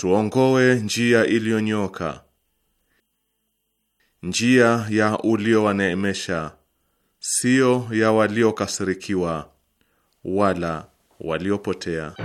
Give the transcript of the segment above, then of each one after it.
tuongoe njia iliyonyoka, njia ya uliowaneemesha, sio ya waliokasirikiwa wala waliopotea.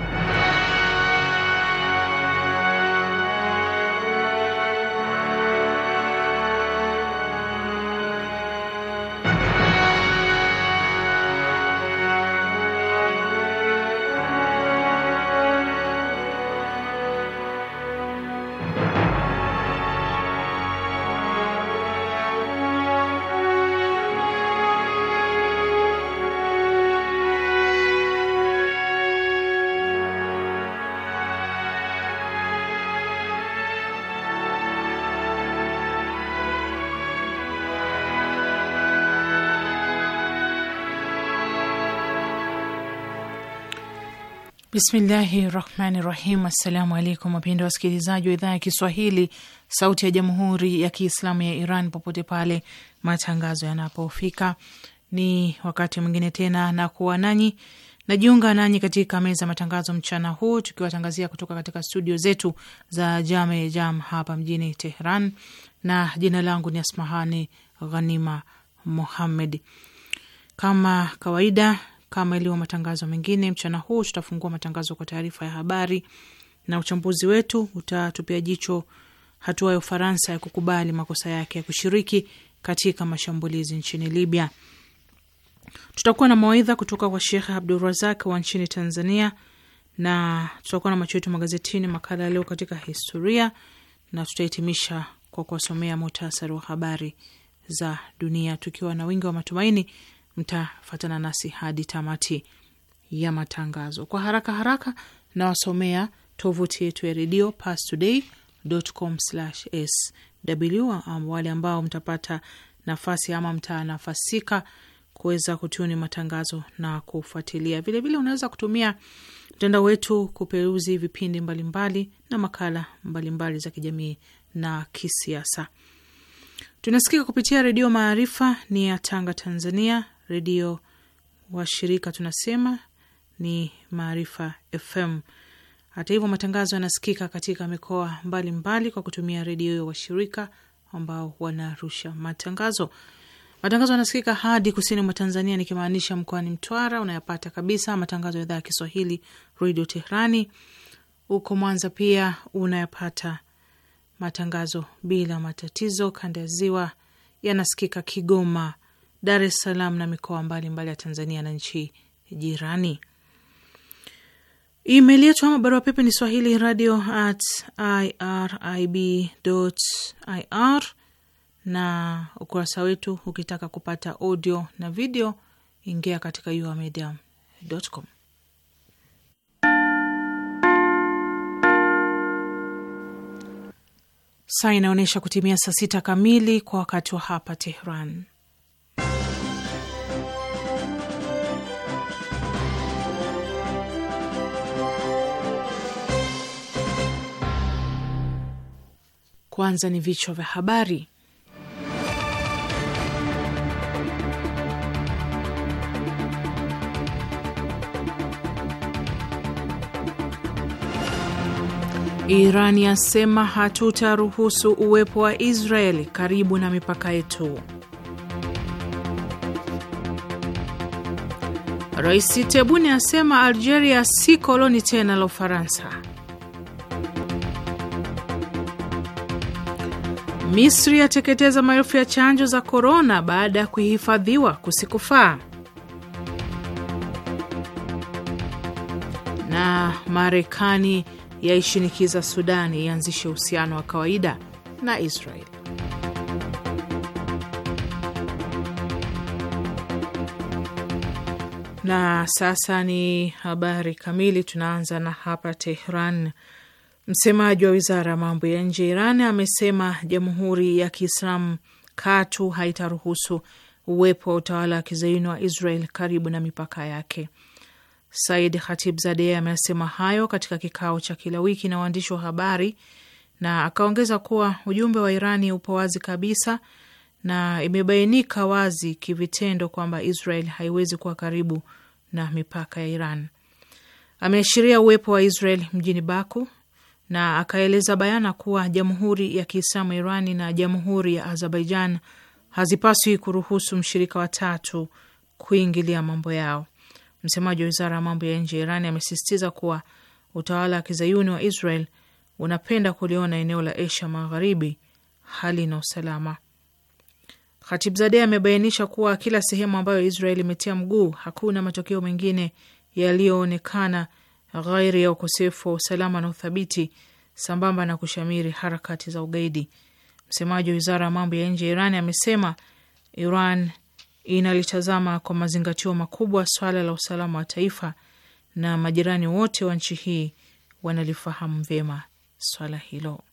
Bismillahi rahmani rahim. Assalamu alaikum wapendwa wasikilizaji wa idhaa ya Kiswahili sauti ya jamhuri ya Kiislamu ya Iran popote pale matangazo yanapofika, ni wakati mwingine tena na kuwa nanyi najiunga nanyi katika meza ya matangazo mchana huu tukiwatangazia kutoka katika studio zetu za Jame Jam hapa mjini Tehran, na jina langu ni Asmahani Ghanima Muhammed. Kama kawaida kama ilivyo matangazo mengine, mchana huu tutafungua matangazo kwa taarifa ya habari na uchambuzi wetu utatupia jicho hatua ya Ufaransa ya kukubali makosa yake ya kushiriki katika mashambulizi nchini Libya. Tutakuwa na mawaidha kutoka kwa Shekhe Abdurazak wa nchini Tanzania, na tutakuwa na macho yetu magazetini, makala ya leo katika historia, na tutahitimisha kwa kuwasomea muhtasari wa habari za dunia, tukiwa na wingi wa matumaini mtafatana nasi hadi tamati ya matangazo. Kwa haraka haraka nawasomea tovuti yetu ya redio pastoday.com/sw, wale ambao mtapata nafasi ama mtanafasika kuweza kutuni matangazo na kufuatilia vilevile. Unaweza kutumia mtandao wetu kuperuzi vipindi mbalimbali mbali na makala mbalimbali mbali za kijamii na kisiasa. Tunasikika kupitia Redio Maarifa ni ya Tanga, Tanzania, redio washirika tunasema ni Maarifa FM. Hata hivyo, matangazo yanasikika katika mikoa mbalimbali mbali kwa kutumia redio ya washirika ambao wanarusha matangazo. Matangazo yanasikika hadi kusini mwa Tanzania, nikimaanisha mkoani Mtwara. Unayapata kabisa matangazo ya idhaa ya Kiswahili redio Tehrani. Huko Mwanza pia unayapata matangazo bila matatizo. Kanda ya ziwa yanasikika Kigoma, Dar es Salaam na mikoa mbalimbali ya Tanzania na nchi jirani. Email yetu ama barua pepe ni swahili radio at irib ir, na ukurasa wetu ukitaka kupata audio na video, ingia katika uamedium.com. Saa inaonyesha kutimia saa sita kamili kwa wakati wa hapa Tehran. Kwanza ni vichwa vya habari. Iran yasema hatutaruhusu uwepo wa Israeli karibu na mipaka yetu. Rais tebuni asema Algeria si koloni tena la Ufaransa. Misri yateketeza maelfu ya chanjo za korona baada ya kuhifadhiwa kusikufaa, na Marekani yaishinikiza Sudani ianzishe uhusiano wa kawaida na Israeli. Na sasa ni habari kamili. Tunaanza na hapa Tehran Msemaji wa wizara ya mambo ya nje ya Iran amesema jamhuri ya Kiislamu katu haitaruhusu uwepo wa utawala wa kizayuni wa Israel karibu na mipaka yake. Said Khatibzadeh amesema hayo katika kikao cha kila wiki na waandishi wa habari na akaongeza kuwa ujumbe wa Irani upo wazi kabisa na imebainika wazi kivitendo kwamba Israel haiwezi kuwa karibu na mipaka ya Iran. Ameashiria uwepo wa Israel mjini Baku na akaeleza bayana kuwa Jamhuri ya Kiislamu Irani na Jamhuri ya Azerbaijan hazipaswi kuruhusu mshirika wa tatu kuingilia mambo yao. Msemaji wa wizara ya mambo ya nje ya Irani amesisitiza kuwa utawala wa kizayuni wa Israel unapenda kuliona eneo la Asia Magharibi hali na usalama. Khatibzadeh amebainisha kuwa kila sehemu ambayo Israel imetia mguu hakuna matokeo mengine yaliyoonekana ghairi ya ukosefu wa usalama na uthabiti sambamba na kushamiri harakati za ugaidi. Msemaji wa wizara ya mambo ya nje ya Iran amesema Iran inalitazama kwa mazingatio makubwa swala la usalama wa taifa na majirani wote wa nchi hii wanalifahamu vyema swala hilo.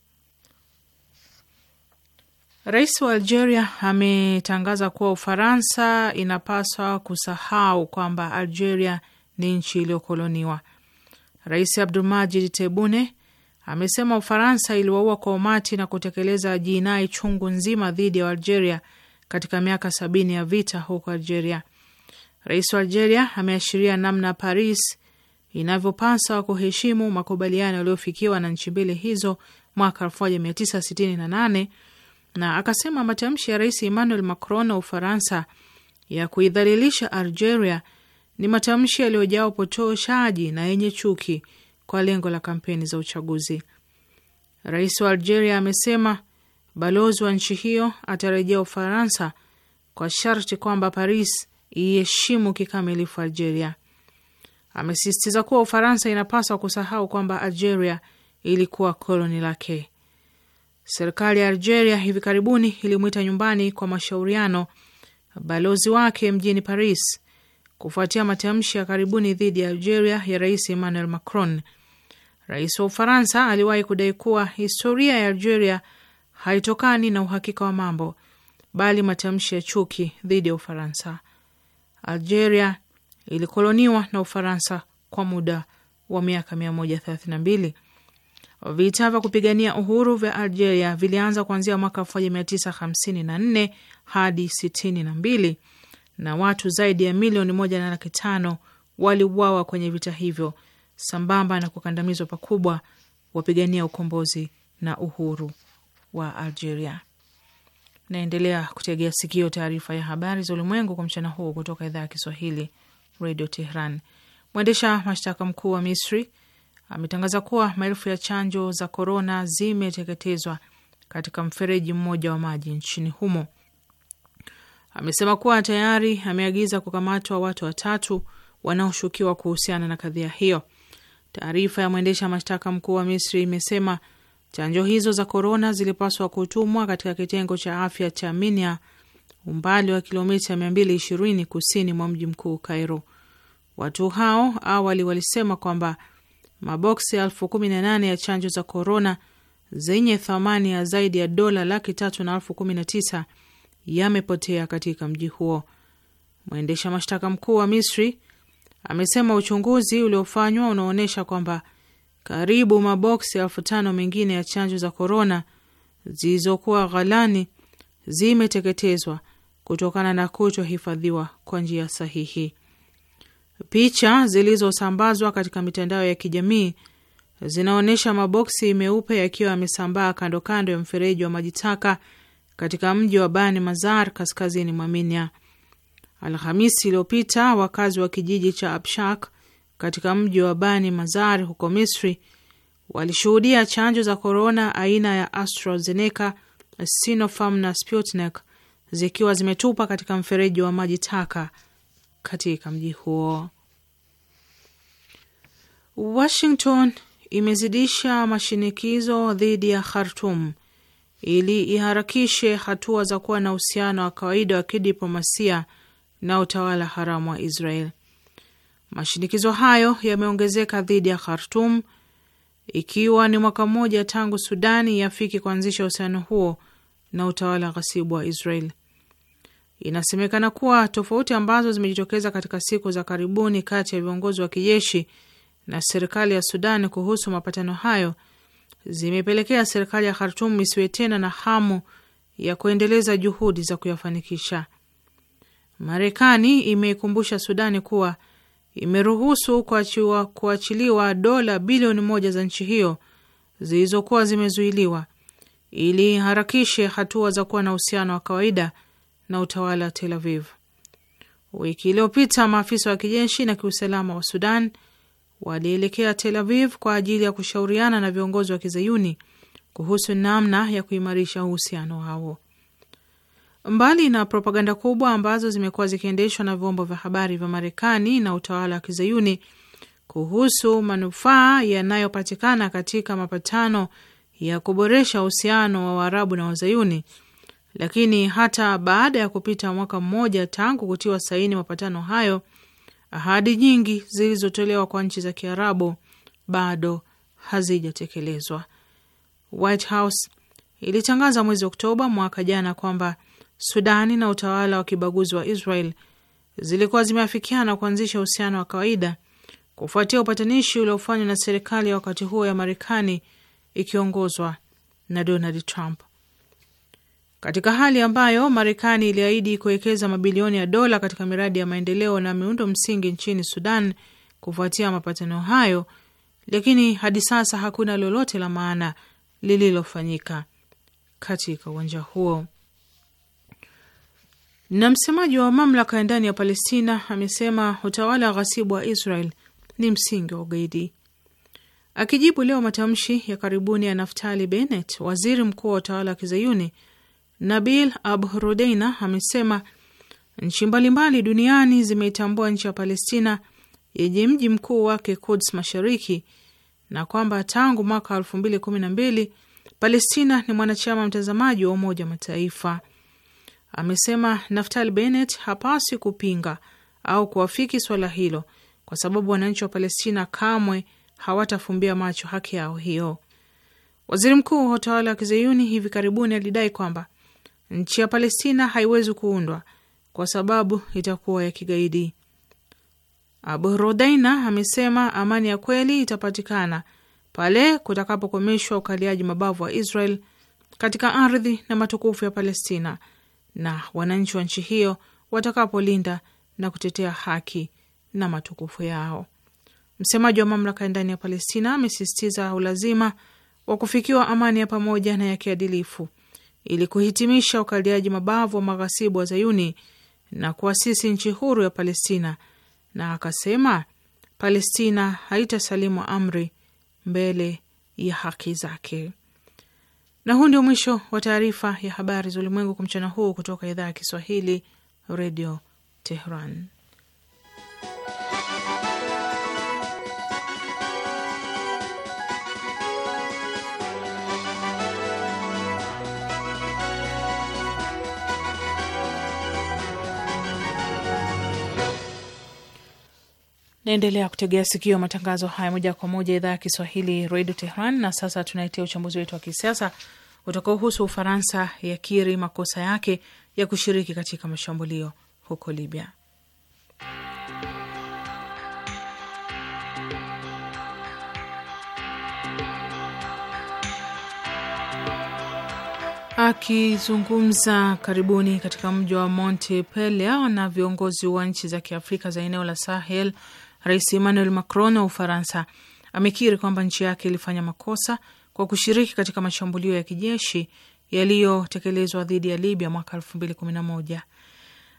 Rais wa Algeria ametangaza kuwa Ufaransa inapaswa kusahau kwamba Algeria ni nchi iliyokoloniwa. Rais Abdulmajid Tebune amesema Ufaransa iliwaua kwa umati na kutekeleza jinai chungu nzima dhidi ya Algeria katika miaka sabini ya vita huko Algeria. Rais wa Algeria ameashiria namna Paris inavyopaswa kuheshimu makubaliano yaliyofikiwa na nchi mbili hizo mwaka 1968 na akasema matamshi ya Rais Emmanuel Macron wa Ufaransa ya kuidhalilisha Algeria ni matamshi yaliyojaa upotoshaji na yenye chuki kwa lengo la kampeni za uchaguzi. Rais wa Algeria amesema balozi wa nchi hiyo atarejea Ufaransa kwa sharti kwamba Paris iheshimu kikamilifu Algeria. Amesisitiza kuwa Ufaransa inapaswa kusahau kwamba Algeria ilikuwa koloni lake. Serikali ya Algeria hivi karibuni ilimwita nyumbani kwa mashauriano balozi wake mjini Paris kufuatia matamshi ya karibuni dhidi ya Algeria ya Rais Emmanuel Macron. Rais wa Ufaransa aliwahi kudai kuwa historia ya Algeria haitokani na uhakika wa mambo, bali matamshi ya chuki dhidi ya Ufaransa. Algeria ilikoloniwa na Ufaransa kwa muda wa miaka 132. Vita vya kupigania uhuru vya Algeria vilianza kuanzia mwaka 1954 hadi 62 na watu zaidi ya milioni moja na laki tano waliuawa kwenye vita hivyo, sambamba na kukandamizwa pakubwa wapigania ukombozi na uhuru wa Algeria. Naendelea kutegea sikio taarifa ya habari za ulimwengu kwa mchana huu kutoka idhaa ya Kiswahili, Radio Tehran. Mwendesha mashtaka mkuu wa Misri ametangaza kuwa maelfu ya chanjo za korona zimeteketezwa katika mfereji mmoja wa maji nchini humo amesema kuwa tayari ameagiza kukamatwa watu watatu wanaoshukiwa kuhusiana na kadhia hiyo. Taarifa ya mwendesha mashtaka mkuu wa Misri imesema chanjo hizo za korona zilipaswa kutumwa katika kitengo cha afya cha Minia, umbali wa kilomita 220 kusini mwa mji mkuu Cairo. Watu hao awali walisema kwamba maboksi 18 ya chanjo za korona zenye thamani ya zaidi ya dola laki tatu na elfu kumi na tisa yamepotea katika mji huo. Mwendesha mashtaka mkuu wa Misri amesema uchunguzi uliofanywa unaonyesha kwamba karibu maboksi elfu tano mengine ya chanjo za korona zilizokuwa ghalani zimeteketezwa kutokana na kutohifadhiwa kwa njia sahihi. Picha zilizosambazwa katika mitandao ya kijamii zinaonyesha maboksi meupe yakiwa yamesambaa kando kando ya mfereji wa maji taka katika mji wa Bani Mazar kaskazini mwa minya Alhamisi iliyopita wakazi wa kijiji cha Abshak katika mji wa Bani Mazar huko Misri walishuhudia chanjo za korona aina ya AstraZeneca, Sinopharm na Sputnik zikiwa zimetupa katika mfereji wa maji taka katika mji huo. Washington imezidisha mashinikizo dhidi ya Khartum ili iharakishe hatua za kuwa na uhusiano wa kawaida wa kidiplomasia na utawala haramu wa Israel. Mashinikizo hayo yameongezeka dhidi ya Khartum, ikiwa ni mwaka mmoja tangu Sudani yafiki kuanzisha uhusiano huo na utawala ghasibu wa Israel. Inasemekana kuwa tofauti ambazo zimejitokeza katika siku za karibuni kati ya viongozi wa kijeshi na serikali ya Sudan kuhusu mapatano hayo zimepelekea serikali ya Khartum isiwe tena na hamu ya kuendeleza juhudi za kuyafanikisha. Marekani imeikumbusha Sudani kuwa imeruhusu kuachiliwa dola bilioni moja za nchi hiyo zilizokuwa zimezuiliwa ili iharakishe hatua za kuwa na uhusiano wa kawaida na utawala wa Tel Aviv. Wiki iliyopita maafisa wa kijeshi na kiusalama wa Sudan walielekea Tel Aviv kwa ajili ya kushauriana na viongozi wa kizayuni kuhusu namna ya kuimarisha uhusiano wao. Mbali na propaganda kubwa ambazo zimekuwa zikiendeshwa na vyombo vya habari vya Marekani na utawala wa kizayuni kuhusu manufaa yanayopatikana katika mapatano ya kuboresha uhusiano wa Waarabu na Wazayuni, lakini hata baada ya kupita mwaka mmoja tangu kutiwa saini mapatano hayo Ahadi nyingi zilizotolewa kwa nchi za Kiarabu bado hazijatekelezwa. White House ilitangaza mwezi Oktoba mwaka jana kwamba Sudani na utawala wa kibaguzi wa Israel zilikuwa zimeafikiana kuanzisha uhusiano wa kawaida kufuatia upatanishi uliofanywa na serikali ya wakati huo ya Marekani ikiongozwa na Donald Trump katika hali ambayo Marekani iliahidi kuwekeza mabilioni ya dola katika miradi ya maendeleo na miundo msingi nchini Sudan kufuatia mapatano hayo, lakini hadi sasa hakuna lolote la maana lililofanyika katika uwanja huo. Na msemaji wa mamlaka ya ndani ya Palestina amesema utawala ghasibu wa Israel ni msingi wa ugaidi. Akijibu leo matamshi ya karibuni ya Naftali Bennett, waziri mkuu wa utawala wa kizayuni Nabil Abu Rudeina amesema nchi mbalimbali duniani zimeitambua nchi ya Palestina yenye mji mkuu wake Kuds Mashariki, na kwamba tangu mwaka elfu mbili kumi na mbili Palestina ni mwanachama mtazamaji wa Umoja wa Mataifa. Amesema Naftali Bennett hapasi kupinga au kuafiki swala hilo kwa sababu wananchi wa Palestina kamwe hawatafumbia macho haki yao hiyo. Waziri mkuu wa utawala wa kizeyuni hivi karibuni alidai kwamba Nchi ya Palestina haiwezi kuundwa kwa sababu itakuwa ya kigaidi. Abu Rodaina amesema amani ya kweli itapatikana pale kutakapokomeshwa ukaliaji mabavu wa Israel katika ardhi na matukufu ya Palestina na wananchi wa nchi hiyo watakapolinda na kutetea haki na matukufu yao. Msemaji wa mamlaka ya ndani ya Palestina amesisitiza ulazima wa kufikiwa amani ya pamoja na ya kiadilifu ili kuhitimisha ukaliaji mabavu wa maghasibu wa Zayuni na kuasisi nchi huru ya Palestina, na akasema Palestina haitasalimu amri mbele ya haki zake. Na huu ndio mwisho wa taarifa ya habari za ulimwengu kwa mchana huu kutoka idhaa ya Kiswahili, Redio Tehran. Naendelea kutegea sikio matangazo haya moja kwa moja idhaa ya Kiswahili redio Tehran. Na sasa tunaletea uchambuzi wetu wa kisiasa utakaohusu Ufaransa yakiri makosa yake ya kushiriki katika mashambulio huko Libya. Akizungumza karibuni katika mji wa Montpellier na viongozi wa nchi za Kiafrika za eneo la Sahel Rais Emmanuel Macron wa Ufaransa amekiri kwamba nchi yake ilifanya makosa kwa kushiriki katika mashambulio ya kijeshi yaliyotekelezwa dhidi ya Libya mwaka elfu mbili kumi na moja.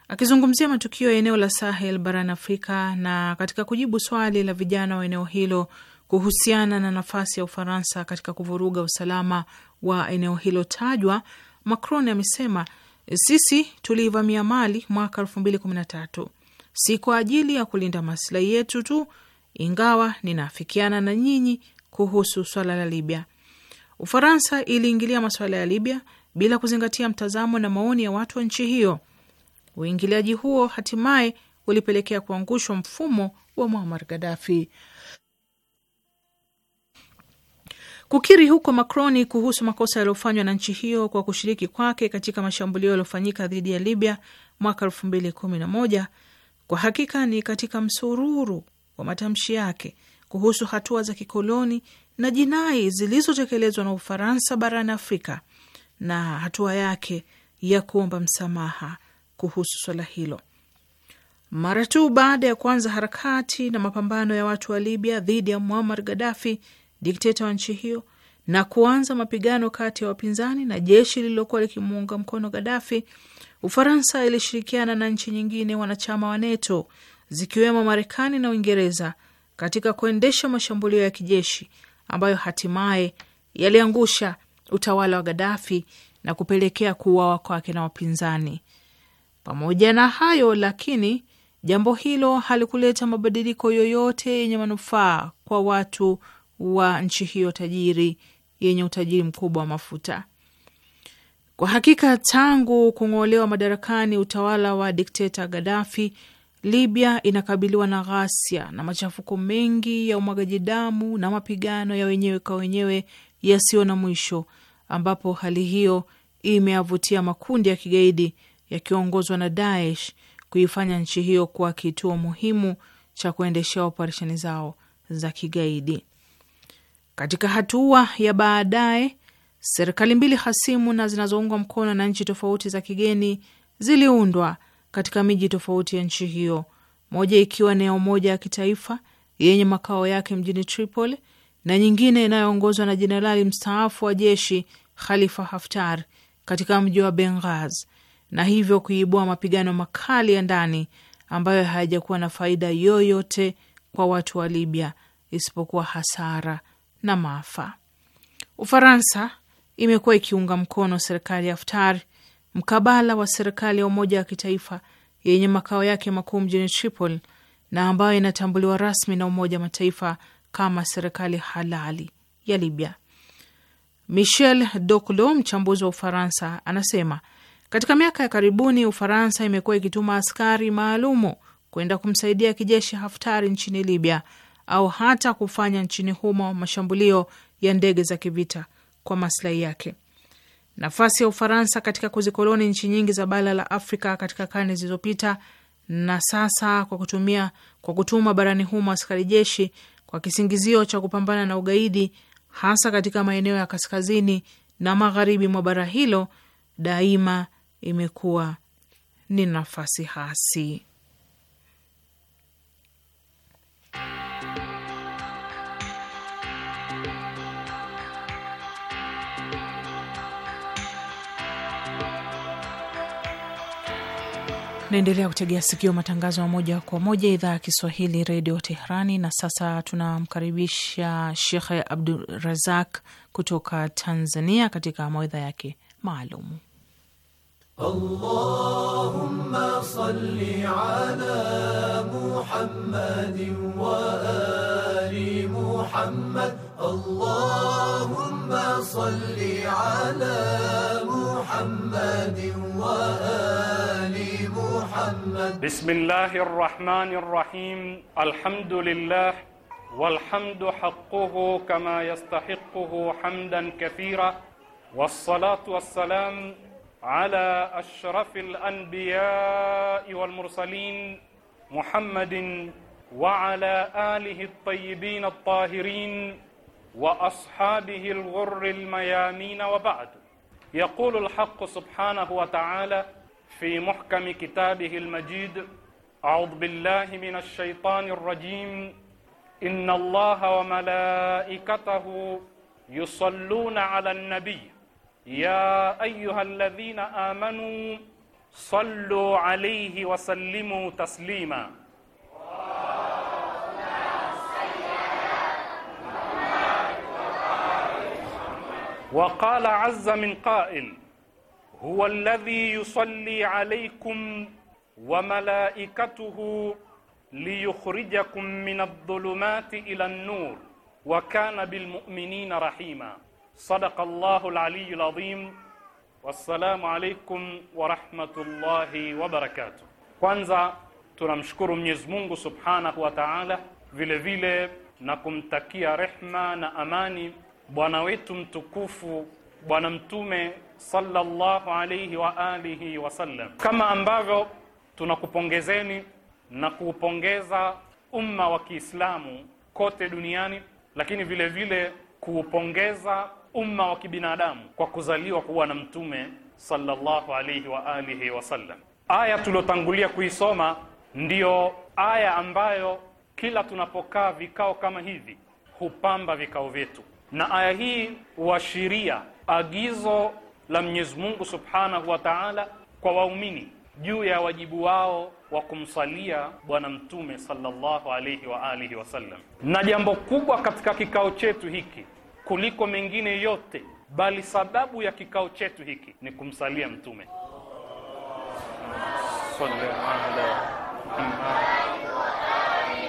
Akizungumzia matukio ya eneo la Sahel barani Afrika na katika kujibu swali la vijana wa eneo hilo kuhusiana na nafasi ya Ufaransa katika kuvuruga usalama wa eneo hilo tajwa, Macron amesema sisi tuliivamia Mali mwaka elfu mbili kumi na tatu si kwa ajili ya kulinda maslahi yetu tu, ingawa ninaafikiana na nyinyi kuhusu swala la Libya. Ufaransa iliingilia masuala ya Libya bila kuzingatia mtazamo na maoni ya watu wa nchi hiyo. Uingiliaji huo hatimaye ulipelekea kuangushwa mfumo wa Muammar Gaddafi. Kukiri huko Macroni kuhusu makosa yaliyofanywa na nchi hiyo kwa kushiriki kwake katika mashambulio yaliyofanyika dhidi ya Libya mwaka elfu mbili kumi na moja kwa hakika ni katika msururu wa matamshi yake kuhusu hatua za kikoloni na jinai zilizotekelezwa na Ufaransa barani Afrika na hatua yake ya kuomba msamaha kuhusu swala hilo. Mara tu baada ya kuanza harakati na mapambano ya watu wa Libya dhidi ya Muammar Gaddafi, dikteta wa nchi hiyo, na kuanza mapigano kati ya wapinzani na jeshi lililokuwa likimuunga mkono Gaddafi, Ufaransa ilishirikiana na nchi nyingine wanachama wa NATO zikiwemo Marekani na Uingereza katika kuendesha mashambulio ya kijeshi ambayo hatimaye yaliangusha utawala wa gadafi na kupelekea kuuawa kwake na wapinzani. Pamoja na hayo lakini, jambo hilo halikuleta mabadiliko yoyote yenye manufaa kwa watu wa nchi hiyo tajiri yenye utajiri mkubwa wa mafuta. Kwa hakika tangu kung'olewa madarakani utawala wa dikteta Gaddafi, Libya inakabiliwa na ghasia na machafuko mengi ya umwagaji damu na mapigano ya wenyewe kwa wenyewe yasiyo na mwisho, ambapo hali hiyo imeyavutia makundi ya kigaidi yakiongozwa na Daesh kuifanya nchi hiyo kuwa kituo muhimu cha kuendeshea operesheni zao za kigaidi. Katika hatua ya baadaye Serikali mbili hasimu na zinazoungwa mkono na nchi tofauti za kigeni ziliundwa katika miji tofauti ya nchi hiyo, moja ikiwa ni ya umoja ya kitaifa yenye makao yake mjini Tripoli na nyingine inayoongozwa na jenerali mstaafu wa jeshi Khalifa Haftar katika mji wa Benghaz, na hivyo kuibua mapigano makali ya ndani ambayo hayajakuwa na faida yoyote kwa watu wa Libya isipokuwa hasara na maafa. Ufaransa imekuwa ikiunga mkono serikali ya Haftar mkabala wa serikali ya umoja wa kitaifa yenye makao yake makuu mjini Tripoli na ambayo inatambuliwa rasmi na Umoja wa Mataifa kama serikali halali ya Libya. Michel Doclo, mchambuzi wa Ufaransa, anasema katika miaka ya karibuni Ufaransa imekuwa ikituma askari maalumu kwenda kumsaidia kijeshi Haftari nchini Libya au hata kufanya nchini humo mashambulio ya ndege za kivita kwa maslahi yake. Nafasi ya Ufaransa katika kuzikoloni nchi nyingi za bara la Afrika katika karne zilizopita na sasa kwa kutumia kwa kutuma barani humo askari jeshi kwa kisingizio cha kupambana na ugaidi hasa katika maeneo ya kaskazini na magharibi mwa bara hilo daima imekuwa ni nafasi hasi. Naendelea kutegea sikio matangazo ya moja kwa moja idhaa ya Kiswahili redio Teherani. Na sasa tunamkaribisha Shekhe Abdurazak kutoka Tanzania katika mawaidha yake maalum. Allahumma salli ala wa ali Muhammad. Allahumma salli ala wa ali محمد بسم الله الرحمن الرحيم الحمد لله والحمد حقه كما يستحقه حمدا كثيرا والصلاة والسلام على أشرف الأنبياء والمرسلين محمد وعلى آله الطيبين الطاهرين وأصحابه الغر الميامين وبعد يقول الحق سبحانه وتعالى في محكم كتابه المجيد أعوذ بالله من الشيطان الرجيم إن الله وملائكته يصلون على النبي يا أيها الذين آمنوا صلوا عليه وسلموا تسليما وقال عز من قائل huwa alladhi yusalli alaykum wa malaikatuhu liyukhrijakum min adh-dhulumati ila an-nur wa kana bilmu'minina rahima sadaqa Allahu al-aliyyul azim wassalamu alaykum wa rahmatullahi wa barakatuh kwanza tunamshukuru Mwenyezi Mungu Subhanahu wa Ta'ala vile vile na kumtakia rehma na amani bwana wetu mtukufu Bwana Mtume sallallahu alayhi wa alihi sallam, kama ambavyo tunakupongezeni na kuupongeza umma wa Kiislamu kote duniani, lakini vile vile kuupongeza umma wa kibinadamu kwa kuzaliwa kuwa na Mtume sallallahu alayhi wa alihi sallam. Aya tuliyotangulia kuisoma ndiyo aya ambayo kila tunapokaa vikao kama hivi hupamba vikao vyetu, na aya hii huashiria agizo la Mwenyezi Mungu Subhanahu wa Ta'ala kwa waumini juu ya wajibu wao wa kumsalia Bwana Mtume sallallahu alayhi wa alihi wasallam. Na jambo kubwa katika kikao chetu hiki kuliko mengine yote, bali sababu ya kikao chetu hiki ni kumsalia Mtume sallallahu alayhi wa alihi.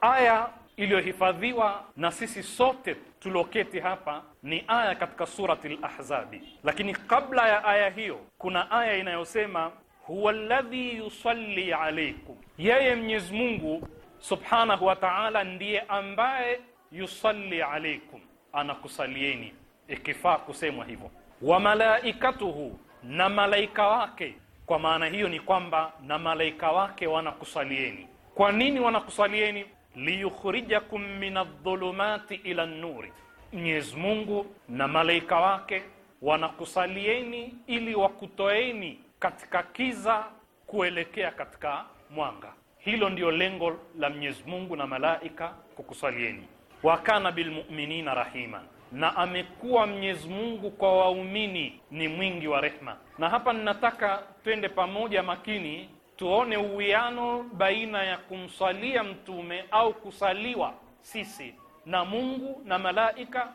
Aya iliyohifadhiwa na sisi sote tuloketi hapa ni aya katika surati lahzabi lakini kabla ya aya hiyo kuna aya inayosema huwa ladhi yusalli alaikum, yeye Mwenyezi Mungu subhanahu wa ta'ala ndiye ambaye yusalli alaikum, anakusalieni. Ikifaa kusemwa hivyo, wa malaikatuhu, na malaika wake. Kwa maana hiyo ni kwamba na malaika wake wanakusalieni. Kwa nini wanakusalieni? liyukhrijakum min adh-dhulumati ila an-nuri, Mwenyezi Mungu na malaika wake wanakusalieni ili wakutoeni katika kiza kuelekea katika mwanga. Hilo ndio lengo la Mwenyezi Mungu na malaika kukusalieni. Wa kana bilmuminina rahima na amekuwa Mwenyezi Mungu kwa waumini ni mwingi wa rehma. Na hapa ninataka twende pamoja makini tuone uwiano baina ya kumsalia mtume au kusaliwa sisi na Mungu na malaika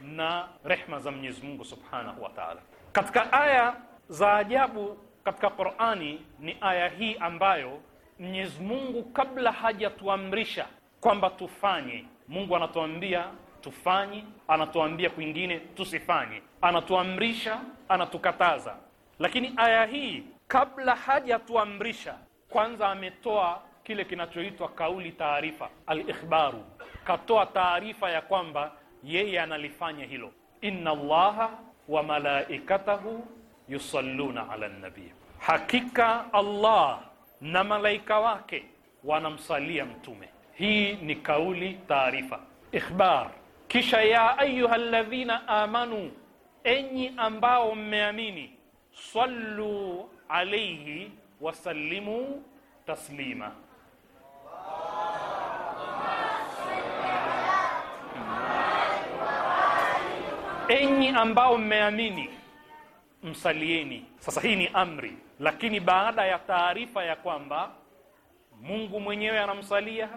na rehma za Mwenyezi Mungu Subhanahu wa Ta'ala. Katika aya za ajabu katika Qur'ani ni aya hii ambayo Mwenyezi Mungu kabla hajatuamrisha kwamba tufanye, Mungu anatuambia tufanye, anatuambia kwingine tusifanye, anatuamrisha, anatukataza. Lakini aya hii kabla hajatuamrisha, kwanza ametoa kile kinachoitwa kauli taarifa, alikhbaru katoa taarifa ya kwamba yeye analifanya hilo. Inna Allaha wa malaikatahu yusalluna ala nabii, hakika Allah na malaika wake wanamsalia mtume. Hii ni kauli taarifa, ikhbar. Kisha ya ayuha alladhina amanu, enyi ambao mmeamini, sallu alaihi wasallimu taslima. Enyi ambao mmeamini msalieni. Sasa hii ni amri, lakini baada ya taarifa ya kwamba Mungu mwenyewe anamsalia,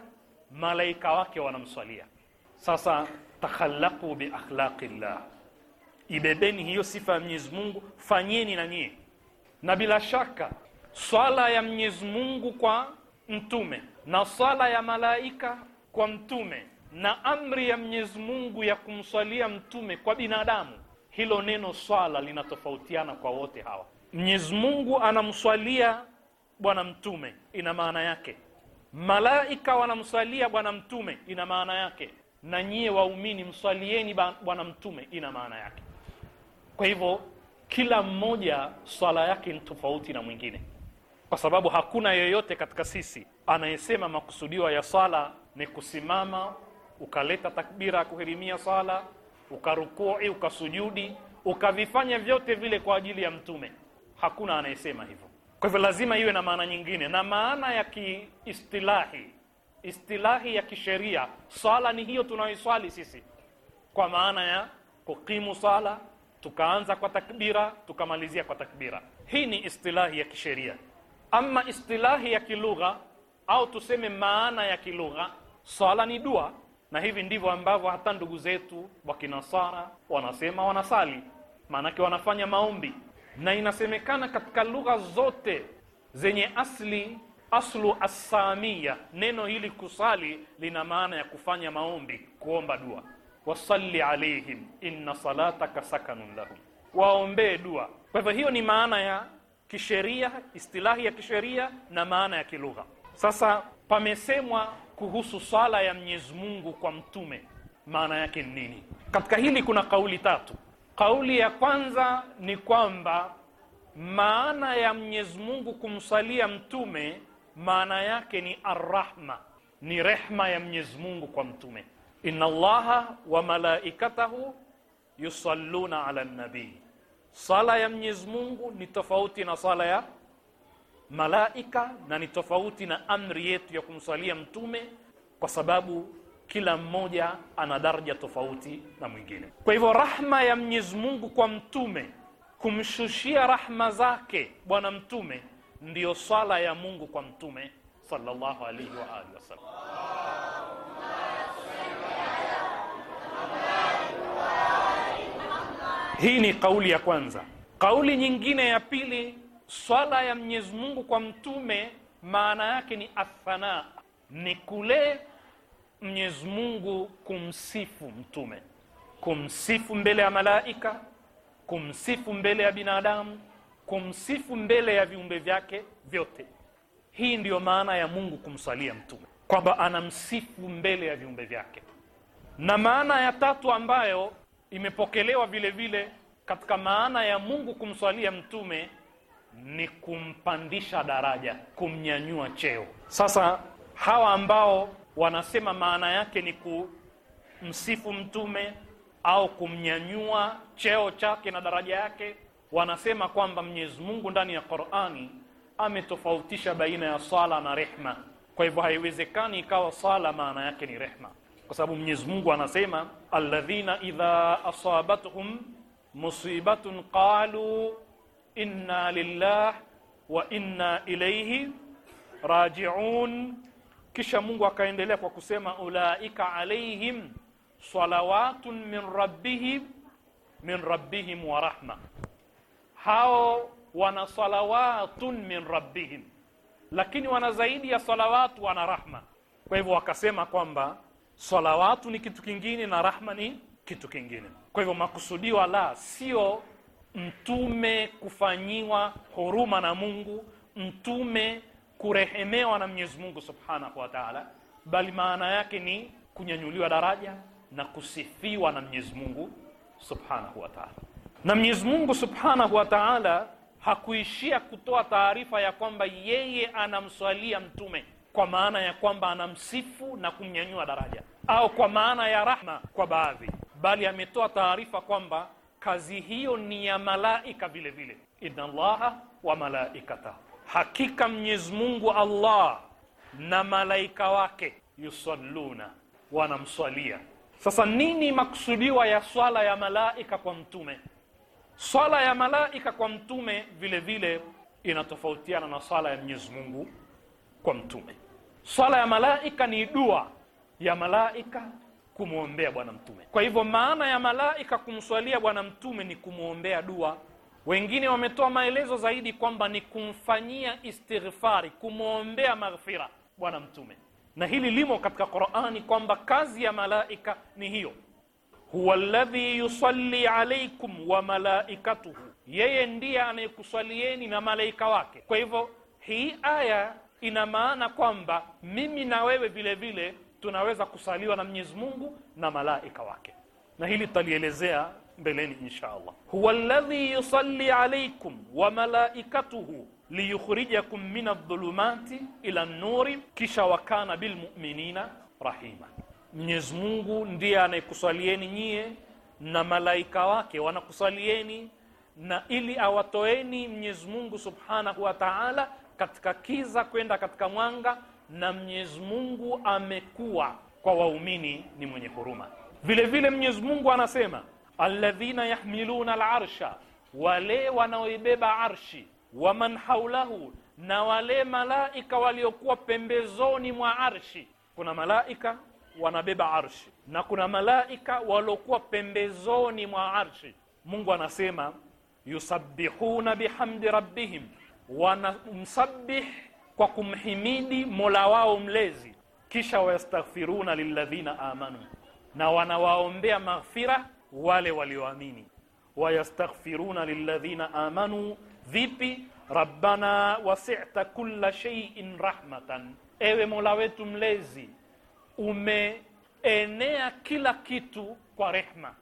malaika wake wanamsalia. Sasa takhallaqu bi akhlaqillah, ibebeni hiyo sifa ya Mwenyezi Mungu, fanyeni na nyie na bila shaka swala ya Mwenyezi Mungu kwa mtume na swala ya malaika kwa mtume na amri ya Mwenyezi Mungu ya kumswalia mtume kwa binadamu, hilo neno swala linatofautiana kwa wote hawa. Mwenyezi Mungu anamswalia bwana mtume, ina maana yake. Malaika wanamswalia bwana mtume, ina maana yake. Na nyie waumini mswalieni bwana mtume, ina maana yake. Kwa hivyo kila mmoja swala yake ni tofauti na mwingine, kwa sababu hakuna yeyote katika sisi anayesema makusudiwa ya swala ni kusimama ukaleta takbira ya kuhirimia swala ukarukui ukasujudi ukavifanya vyote vile kwa ajili ya Mtume. Hakuna anayesema hivyo. Kwa hivyo lazima iwe na maana nyingine, na maana ya kiistilahi, istilahi ya kisheria, swala ni hiyo tunayoiswali sisi, kwa maana ya kukimu swala tukaanza kwa takbira tukamalizia kwa takbira. Hii ni istilahi ya kisheria. Ama istilahi ya kilugha au tuseme maana ya kilugha, swala ni dua, na hivi ndivyo ambavyo hata ndugu zetu wa Kinasara wanasema wanasali, maanake wanafanya maombi, na inasemekana katika lugha zote zenye asli aslu assamia, neno hili kusali lina maana ya kufanya maombi, kuomba dua wasalli alaihim inna salataka sakanun lahum, waombee dua. Kwa hivyo hiyo ni maana ya kisheria, istilahi ya kisheria na maana ya kilugha. Sasa pamesemwa kuhusu sala ya Mwenyezi Mungu kwa mtume, maana yake ni nini? Katika hili kuna kauli tatu. Kauli ya kwanza ni kwamba maana ya Mwenyezi Mungu kumsalia mtume maana yake ni arrahma, ni rehma ya Mwenyezi Mungu kwa mtume inna allaha wa malaikatahu yusalluna ala nabii sala ya mwenyezi mungu ni tofauti na sala ya malaika na ni tofauti na amri yetu ya kumsalia mtume kwa sababu kila mmoja ana daraja tofauti na mwingine kwa hivyo rahma ya mwenyezi mungu kwa mtume kumshushia rahma zake bwana mtume ndiyo sala ya mungu kwa mtume sallallahu alaihi wa alihi wasallam Hii ni kauli ya kwanza. Kauli nyingine ya pili, swala ya Mwenyezi Mungu kwa mtume maana yake ni athana, ni kule Mwenyezi Mungu kumsifu mtume, kumsifu mbele ya malaika, kumsifu mbele ya binadamu, kumsifu mbele ya viumbe vyake vyote. Hii ndiyo maana ya Mungu kumswalia mtume, kwamba anamsifu mbele ya viumbe vyake. Na maana ya tatu ambayo imepokelewa vile vile katika maana ya Mungu kumswalia mtume ni kumpandisha daraja, kumnyanyua cheo. Sasa hawa ambao wanasema maana yake ni kumsifu mtume au kumnyanyua cheo chake na daraja yake, wanasema kwamba Mwenyezi Mungu ndani ya Qur'ani ametofautisha baina ya sala na rehma. Kwa hivyo haiwezekani ikawa sala maana yake ni rehma kwa sababu Mwenyezi Mungu anasema alladhina idha asabatuhum musibatun qalu inna lillah wa inna ilayhi raji'un kisha Mungu akaendelea kwa kusema ulaika alaihim salawatun min rabbihim min rabbihim wa rahma hao wana salawatun min rabbihim lakini wana zaidi ya salawatu wana rahma kwa hivyo wakasema kwamba salawatu ni kitu kingine na rahma ni kitu kingine kwa hivyo makusudiwa la sio mtume kufanyiwa huruma na Mungu mtume kurehemewa na Mwenyezi Mungu Subhanahu wa Ta'ala bali maana yake ni kunyanyuliwa daraja na kusifiwa na Mwenyezi Mungu Subhanahu wa Ta'ala na Mwenyezi Mungu Subhanahu wa Ta'ala hakuishia kutoa taarifa ya kwamba yeye anamswalia mtume kwa maana ya kwamba anamsifu na kumnyanyua daraja, au kwa maana ya rahma kwa baadhi, bali ametoa taarifa kwamba kazi hiyo ni ya malaika vile vile, inna llaha wa malaikata, hakika Mwenyezi Mungu Allah na malaika wake yusalluna, wanamswalia. Sasa nini maksudiwa ya swala ya malaika kwa mtume? Swala ya malaika kwa mtume vile vile inatofautiana na swala ya Mwenyezi Mungu kwa mtume. Swala ya malaika ni dua ya malaika kumwombea Bwana Mtume. Kwa hivyo maana ya malaika kumswalia Bwana Mtume ni kumwombea dua. Wengine wametoa maelezo zaidi kwamba ni kumfanyia istighfari, kumwombea maghfira Bwana Mtume, na hili limo katika Qur'ani kwamba kazi ya malaika ni hiyo, huwa ladhi yusalli alaikum wa malaikatuhu, yeye ndiye anayekuswalieni na malaika wake. Kwa hivyo hii aya ina maana kwamba mimi na wewe vile vile tunaweza kusaliwa na Mwenyezi Mungu na malaika wake na hili tutalielezea mbeleni insha Allah huwa alladhi yusalli alaykum wa malaikatuhu liyukhrijakum min adh-dhulumati ila an-nuri kisha wakana bilmu'minina rahima Mwenyezi Mungu ndiye anayekusalieni nyie na malaika wake wanakusalieni na ili awatoeni Mwenyezi Mungu Subhanahu wa Ta'ala katika kiza kwenda katika mwanga, na Mwenyezi Mungu amekuwa kwa waumini ni mwenye huruma. Vile vile Mwenyezi Mungu anasema alladhina yahmiluna larsha wale wanaoibeba arshi, waman haulahu, na wale malaika waliokuwa pembezoni mwa arshi. Kuna malaika wanabeba arshi na kuna malaika waliokuwa pembezoni mwa arshi. Mungu anasema yusabbihuna bihamdi rabbihim wanamsabih kwa kumhimidi Mola wao mlezi, kisha wayastaghfiruna lilladhina amanu, na wanawaombea maghfira wale walioamini. Wayastaghfiruna lilladhina amanu, vipi? Rabbana wasi'ta kulla shay'in rahmatan, ewe Mola wetu mlezi umeenea kila kitu kwa rehma.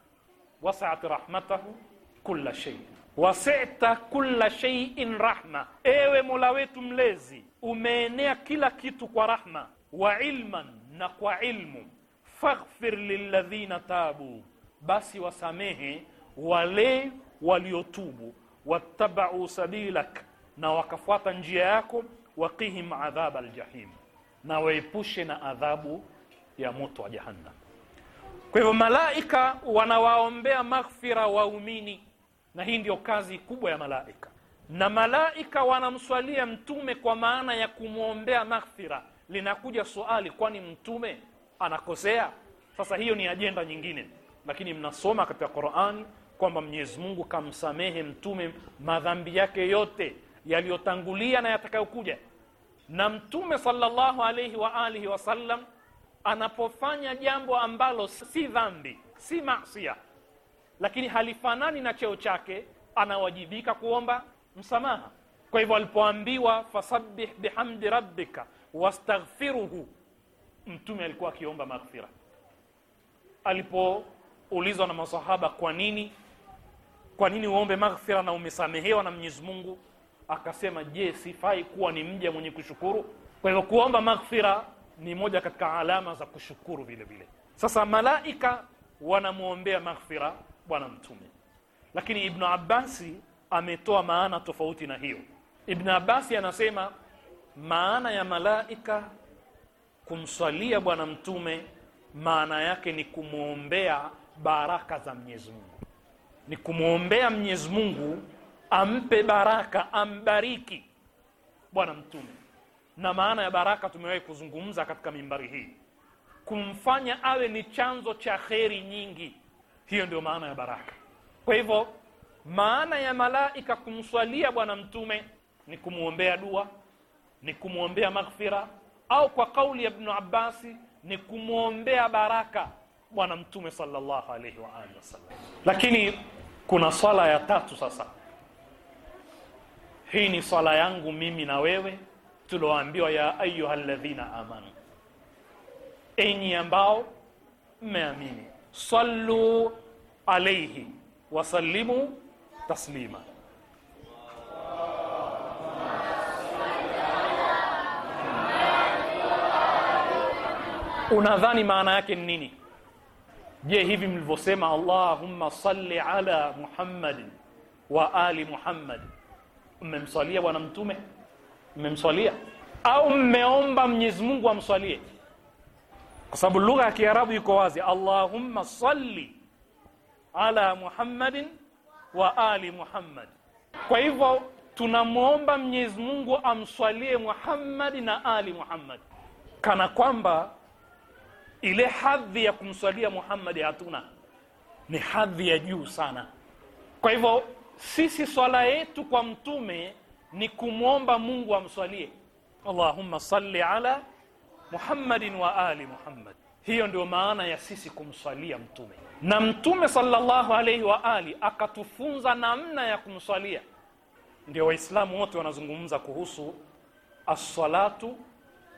wasiat rahmatahu kulla shay wasita kulla sheiin rahma, ewe Mola wetu mlezi umeenea kila kitu kwa rahma. Wa ilman, na kwa ilmu. Faghfir lilladhina tabu, basi wasamehe wale waliotubu. Wattabau sabilak, na wakafuata njia yako. Waqihim adhab aljahim, na waepushe na adhabu ya moto wa Jahannam. Kwa hivyo malaika wanawaombea maghfira waumini na hii ndiyo kazi kubwa ya malaika. Na malaika wanamswalia mtume kwa maana ya kumwombea maghfira. Linakuja swali, kwani mtume anakosea? Sasa hiyo ni ajenda nyingine, lakini mnasoma katika qurani kwamba Mwenyezi Mungu kamsamehe mtume madhambi yake yote yaliyotangulia na yatakayokuja. Na mtume sallallahu alayhi wa alihi wasallam anapofanya jambo ambalo si dhambi, si masia lakini halifanani na cheo chake, anawajibika kuomba msamaha. Kwa hivyo alipoambiwa fasabih bihamdi rabbika wastaghfiruhu, mtume alikuwa akiomba maghfira. Alipoulizwa na masahaba, kwa nini kwa nini uombe maghfira na umesamehewa na Mwenyezi Mungu, akasema je, sifai kuwa ni mja mwenye kushukuru? Kwa hivyo kuomba maghfira ni moja katika alama za kushukuru vile vile. Sasa malaika wanamwombea maghfira bwana mtume lakini ibn Abbasi ametoa maana tofauti na hiyo ibn Abbasi anasema maana ya malaika kumswalia bwana mtume maana yake ni kumwombea baraka za Mwenyezi Mungu ni kumwombea Mwenyezi Mungu ampe baraka ambariki bwana mtume na maana ya baraka tumewahi kuzungumza katika mimbari hii kumfanya awe ni chanzo cha kheri nyingi hiyo ndio maana ya baraka. Kwa hivyo maana ya malaika kumswalia bwana mtume ni kumuombea dua, ni kumuombea maghfira, au kwa kauli ya Ibn Abbas ni kumuombea baraka bwana mtume sallallahu alayhi wa alihi wasallam. Lakini kuna swala ya tatu sasa. Hii ni swala yangu mimi na wewe tulioambiwa, ya ayuha ladhina amanu, enyi ambao mmeamini sallu alayhi wasallimu taslima unadhani maana yake ni nini je hivi mlivyosema allahumma salli ala muhammadin wa ali muhammad mmemswalia bwana mtume mmemswalia au mmeomba mwenyezi mungu amswalie kwa sababu lugha ya Kiarabu iko wazi, Allahumma salli ala Muhammadin wa ali Muhammad. Kwa hivyo tunamwomba Mwenyezi Mungu amswalie muhammadi na ali Muhammad, kana kwamba ile hadhi ya kumswalia muhammadi hatuna, ni hadhi ya juu sana. Kwa hivyo sisi swala yetu kwa mtume ni kumwomba Mungu amswalie, Allahumma salli ala Muhammadin wa ali Muhammad. Hiyo ndio maana ya sisi kumswalia mtume, na mtume sallallahu alaihi wa ali akatufunza namna ya kumswalia. Ndio Waislamu wote wanazungumza kuhusu as alibrahimiya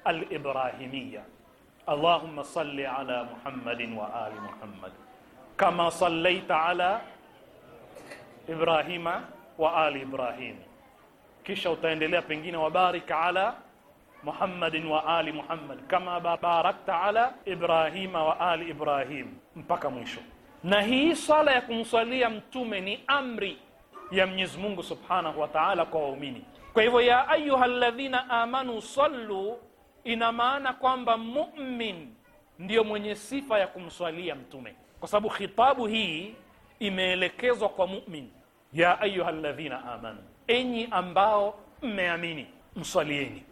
al-ibrahimiyya, allahumma salli ala Muhammadin wa ali Muhammad kama sallaita ala Ibrahima wa ali Ibrahim, kisha utaendelea pengine wabarik ala Muhammadin wa ali Muhammad kama barakta ala Ibrahima wa ali Ibrahim mpaka mwisho. Na hii sala ya kumswalia mtume ni amri ya Mwenyezi Mungu Subhanahu wa Ta'ala kwa waumini. Kwa hivyo, ya ayuha ladhina amanu sallu, ina maana kwamba mu'min ndiyo mwenye sifa ya kumswalia mtume, kwa sababu khitabu hii imeelekezwa kwa mu'min. Ya ayyuhalladhina amanu, enyi ambao mmeamini, mswalieni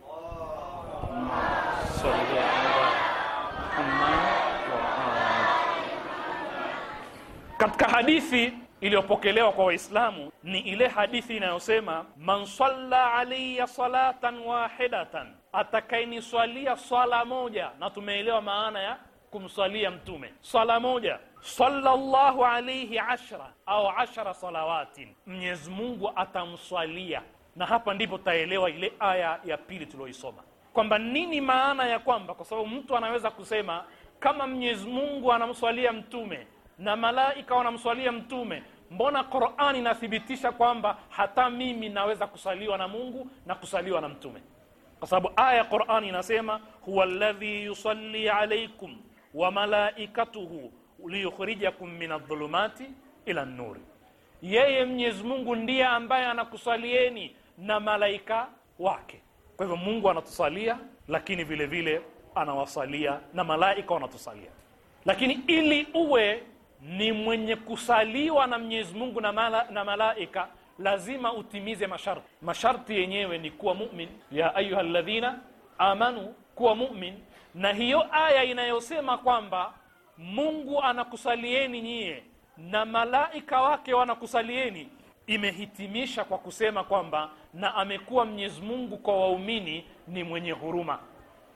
katika hadithi iliyopokelewa kwa Waislamu ni ile hadithi inayosema man salla alayya salatan wahidatan, atakayeniswalia swala moja. Na tumeelewa maana ya kumswalia Mtume swala moja, llahu alayhi ashra au ashra salawatin, Mwenyezi Mungu atamswalia. Na hapa ndipo taelewa ile aya ya pili tuliyoisoma kwamba nini maana ya kwamba, kwa sababu mtu anaweza kusema kama Mwenyezi Mungu anamswalia mtume na malaika wanamswalia mtume, mbona Qur'ani inathibitisha kwamba hata mimi naweza kusaliwa na Mungu na kusaliwa na mtume? Kwa sababu aya ya Qur'ani inasema huwa alladhi yusalli alaykum wa malaikatuhu liyukhrijakum min adh-dhulumati ila an-nur, yeye Mwenyezi Mungu ndiye ambaye anakusalieni na malaika wake kwa hivyo Mungu anatusalia, lakini vile vile anawasalia na malaika wanatusalia. Lakini ili uwe ni mwenye kusaliwa na Mwenyezi Mungu na, mala, na malaika lazima utimize masharti. Masharti yenyewe ni kuwa mumin, ya ayuha alladhina amanu, kuwa mumin. Na hiyo aya inayosema kwamba Mungu anakusalieni nyie na malaika wake wanakusalieni imehitimisha kwa kusema kwamba na amekuwa Mwenyezi Mungu kwa waumini ni mwenye huruma,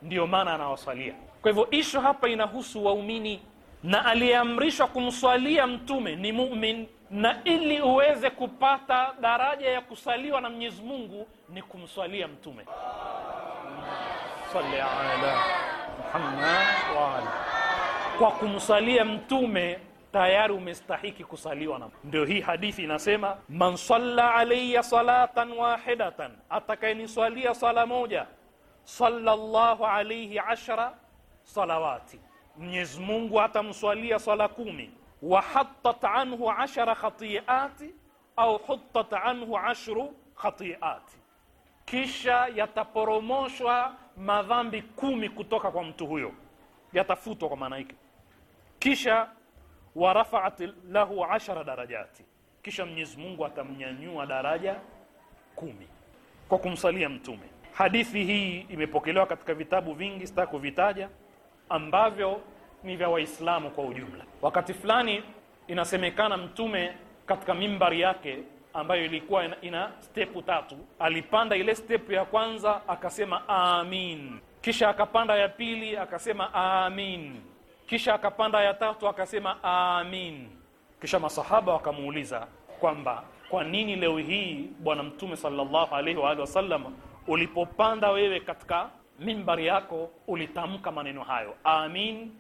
ndiyo maana anawasalia. Kwa hivyo ishu hapa inahusu waumini, na aliyeamrishwa kumswalia mtume ni mumin, na ili uweze kupata daraja ya kusaliwa na Mwenyezi Mungu ni kumswalia mtume Salli ala Muhammad wa ala. Kwa kumswalia mtume tayari umestahiki kusaliwa na. Ndio hii hadithi inasema, man salla alayya salatan wahidatan, atakayeniswalia sala moja, llahu alayhi ashra salawati, Mwenyezi Mungu atamswalia sala kumi. wahatat anhu ashra khati'ati au huttat anhu ashru khati'ati, kisha yataporomoshwa madhambi kumi kutoka kwa mtu huyo, yatafutwa kwa maana yake, kisha wa rafa'at lahu 10 darajati kisha Mwenyezi Mungu atamnyanyua daraja kumi kwa kumsalia mtume hadithi hii imepokelewa katika vitabu vingi sitaki kuvitaja ambavyo ni vya waislamu kwa ujumla wakati fulani inasemekana mtume katika mimbari yake ambayo ilikuwa ina, ina stepu tatu alipanda ile stepu ya kwanza akasema amin kisha akapanda ya pili akasema amin kisha akapanda ya tatu akasema amin. Kisha masahaba wakamuuliza kwamba kwa nini leo hii Bwana Mtume sallallahu alaihi wa alihi wasallam, ulipopanda wewe katika mimbari yako ulitamka maneno hayo amin,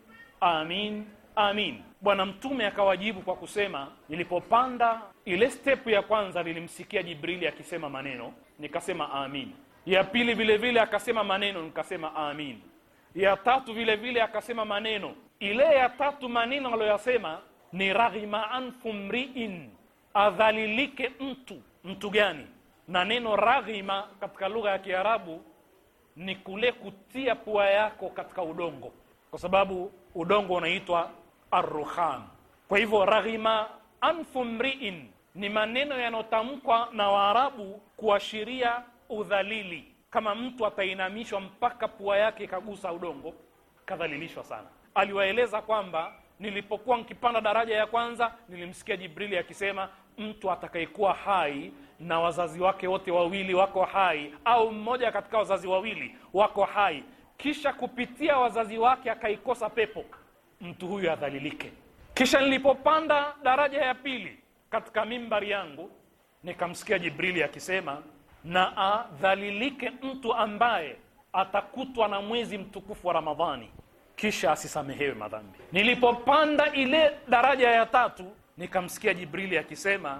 amin, amin. Bwana Mtume akawajibu kwa kusema, nilipopanda ile step ya kwanza nilimsikia Jibrili akisema maneno nikasema amin. Ya pili vilevile vile akasema maneno nikasema amin. Ya tatu vilevile vile akasema maneno ile ya tatu maneno aliyosema ni raghima anfu mriin adhalilike mtu mtu gani na neno raghima katika lugha ya kiarabu ni kule kutia pua yako katika udongo kwa sababu udongo unaitwa arruhan kwa hivyo raghima anfu mriin ni maneno yanayotamkwa na waarabu kuashiria udhalili kama mtu atainamishwa mpaka pua yake ikagusa udongo kadhalilishwa sana aliwaeleza kwamba nilipokuwa nkipanda daraja ya kwanza nilimsikia Jibrili akisema mtu atakayekuwa hai na wazazi wake wote wawili wako hai au mmoja katika wazazi wawili wako hai, kisha kupitia wazazi wake akaikosa pepo, mtu huyu adhalilike. Kisha nilipopanda daraja ya pili katika mimbari yangu nikamsikia Jibrili akisema na adhalilike mtu ambaye atakutwa na mwezi mtukufu wa Ramadhani kisha asisamehewe madhambi. Nilipopanda ile daraja ya tatu, nikamsikia Jibrili akisema,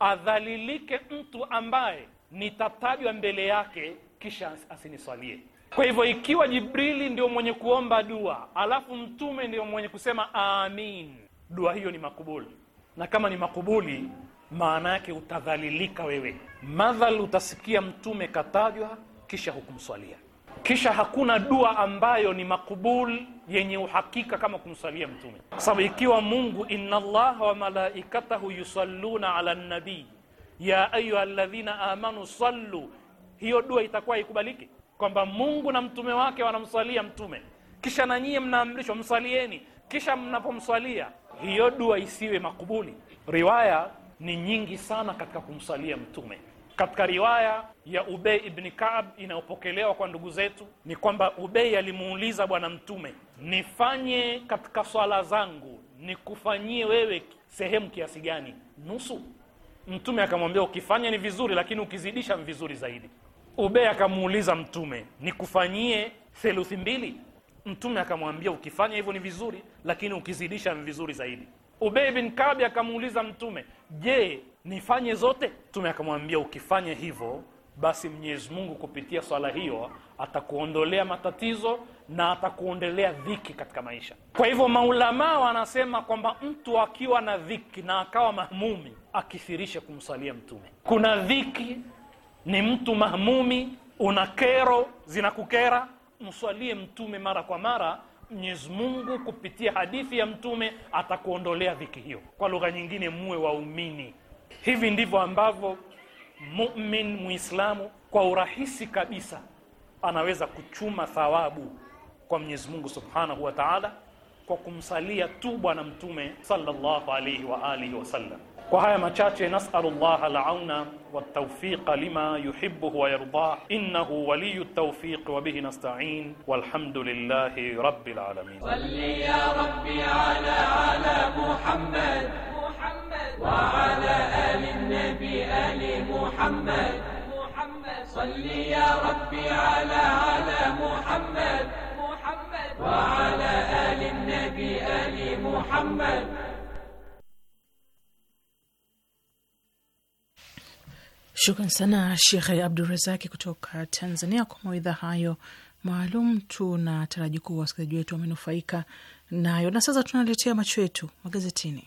adhalilike mtu ambaye nitatajwa mbele yake kisha asiniswalie. Kwa hivyo ikiwa Jibrili ndio mwenye kuomba dua alafu mtume ndio mwenye kusema amin, dua hiyo ni makubuli, na kama ni makubuli, maana yake utadhalilika wewe. Madhal utasikia mtume katajwa kisha hukumswalia kisha hakuna dua ambayo ni makubul yenye uhakika kama kumsalia mtume, kwa sababu ikiwa Mungu inna llaha wa malaikatahu yusalluna ala nabii ya ayuha alladhina amanu sallu, hiyo dua itakuwa ikubaliki kwamba Mungu na mtume wake wanamsalia mtume, kisha na nyie mnaamrishwa msalieni, kisha mnapomsalia hiyo dua isiwe makubuli. Riwaya ni nyingi sana katika kumsalia mtume. Katika riwaya ya Ubei ibni Kaab inayopokelewa kwa ndugu zetu ni kwamba Ubei alimuuliza Bwana Mtume, nifanye katika swala zangu nikufanyie wewe sehemu kiasi gani? Nusu? Mtume akamwambia ukifanya ni vizuri, lakini ukizidisha ni vizuri zaidi. Ubei akamuuliza Mtume, nikufanyie theluthi mbili? Mtume akamwambia ukifanya hivyo ni vizuri, lakini ukizidisha ni vizuri zaidi. Ubei bin Kaab akamuuliza Mtume, je, nifanye zote mtume akamwambia ukifanya hivyo basi Mwenyezi Mungu kupitia swala hiyo atakuondolea matatizo na atakuondolea dhiki katika maisha. Kwa hivyo maulamaa wanasema kwamba mtu akiwa na dhiki na akawa mahmumi akithirishe kumsalia Mtume. Kuna dhiki, ni mtu mahmumi, una kero zinakukera, mswalie Mtume mara kwa mara. Mwenyezi Mungu kupitia hadithi ya Mtume atakuondolea dhiki hiyo. Kwa lugha nyingine, muwe waumini. Hivi ndivyo ambavyo mumin muislamu kwa urahisi kabisa anaweza kuchuma thawabu kwa Mwenyezi Mungu Subhanahu wa Ta'ala kwa kumsalia tu Bwana Mtume sallallahu alayhi wa alihi wasallam. Kwa haya machache nasalu Allah alauna والتوفيق لما يحبه ويرضاه إنه ولي التوفيق وبه نستعين والحمد لله رب العالمين صل يا ربي على على محمد وعلى آل النبي آل محمد صل يا ربي على على محمد وعلى آل النبي آل محمد Shukran sana Shekhe Abdurazaki kutoka Tanzania kwa mawaidha hayo maalum. Tunataraji kuwa wasikilizaji wetu wamenufaika nayo. Na sasa tunaletea macho yetu magazetini.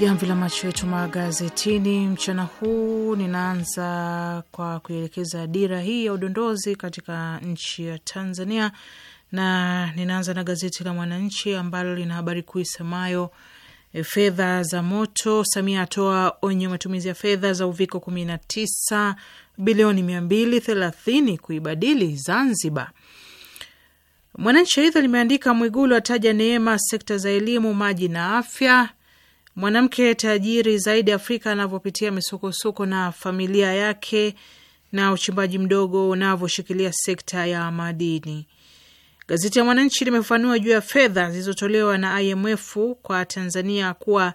Jamvi la macho yetu magazetini mchana huu, ninaanza kwa kuielekeza dira hii ya udondozi katika nchi ya Tanzania, na ninaanza na gazeti la Mwananchi ambalo lina habari kuu isemayo e, fedha za moto, Samia atoa onyo matumizi ya fedha za uviko kumi na tisa bilioni mia mbili thelathini kuibadili Zanzibar. Mwananchi aidha limeandika Mwigulu ataja neema sekta za elimu, maji na afya mwanamke tajiri zaidi Afrika anavyopitia misukosuko na familia yake na uchimbaji mdogo unavyoshikilia sekta ya madini. Gazeti ya Mwananchi limefafanua juu ya fedha zilizotolewa na IMF kwa Tanzania kuwa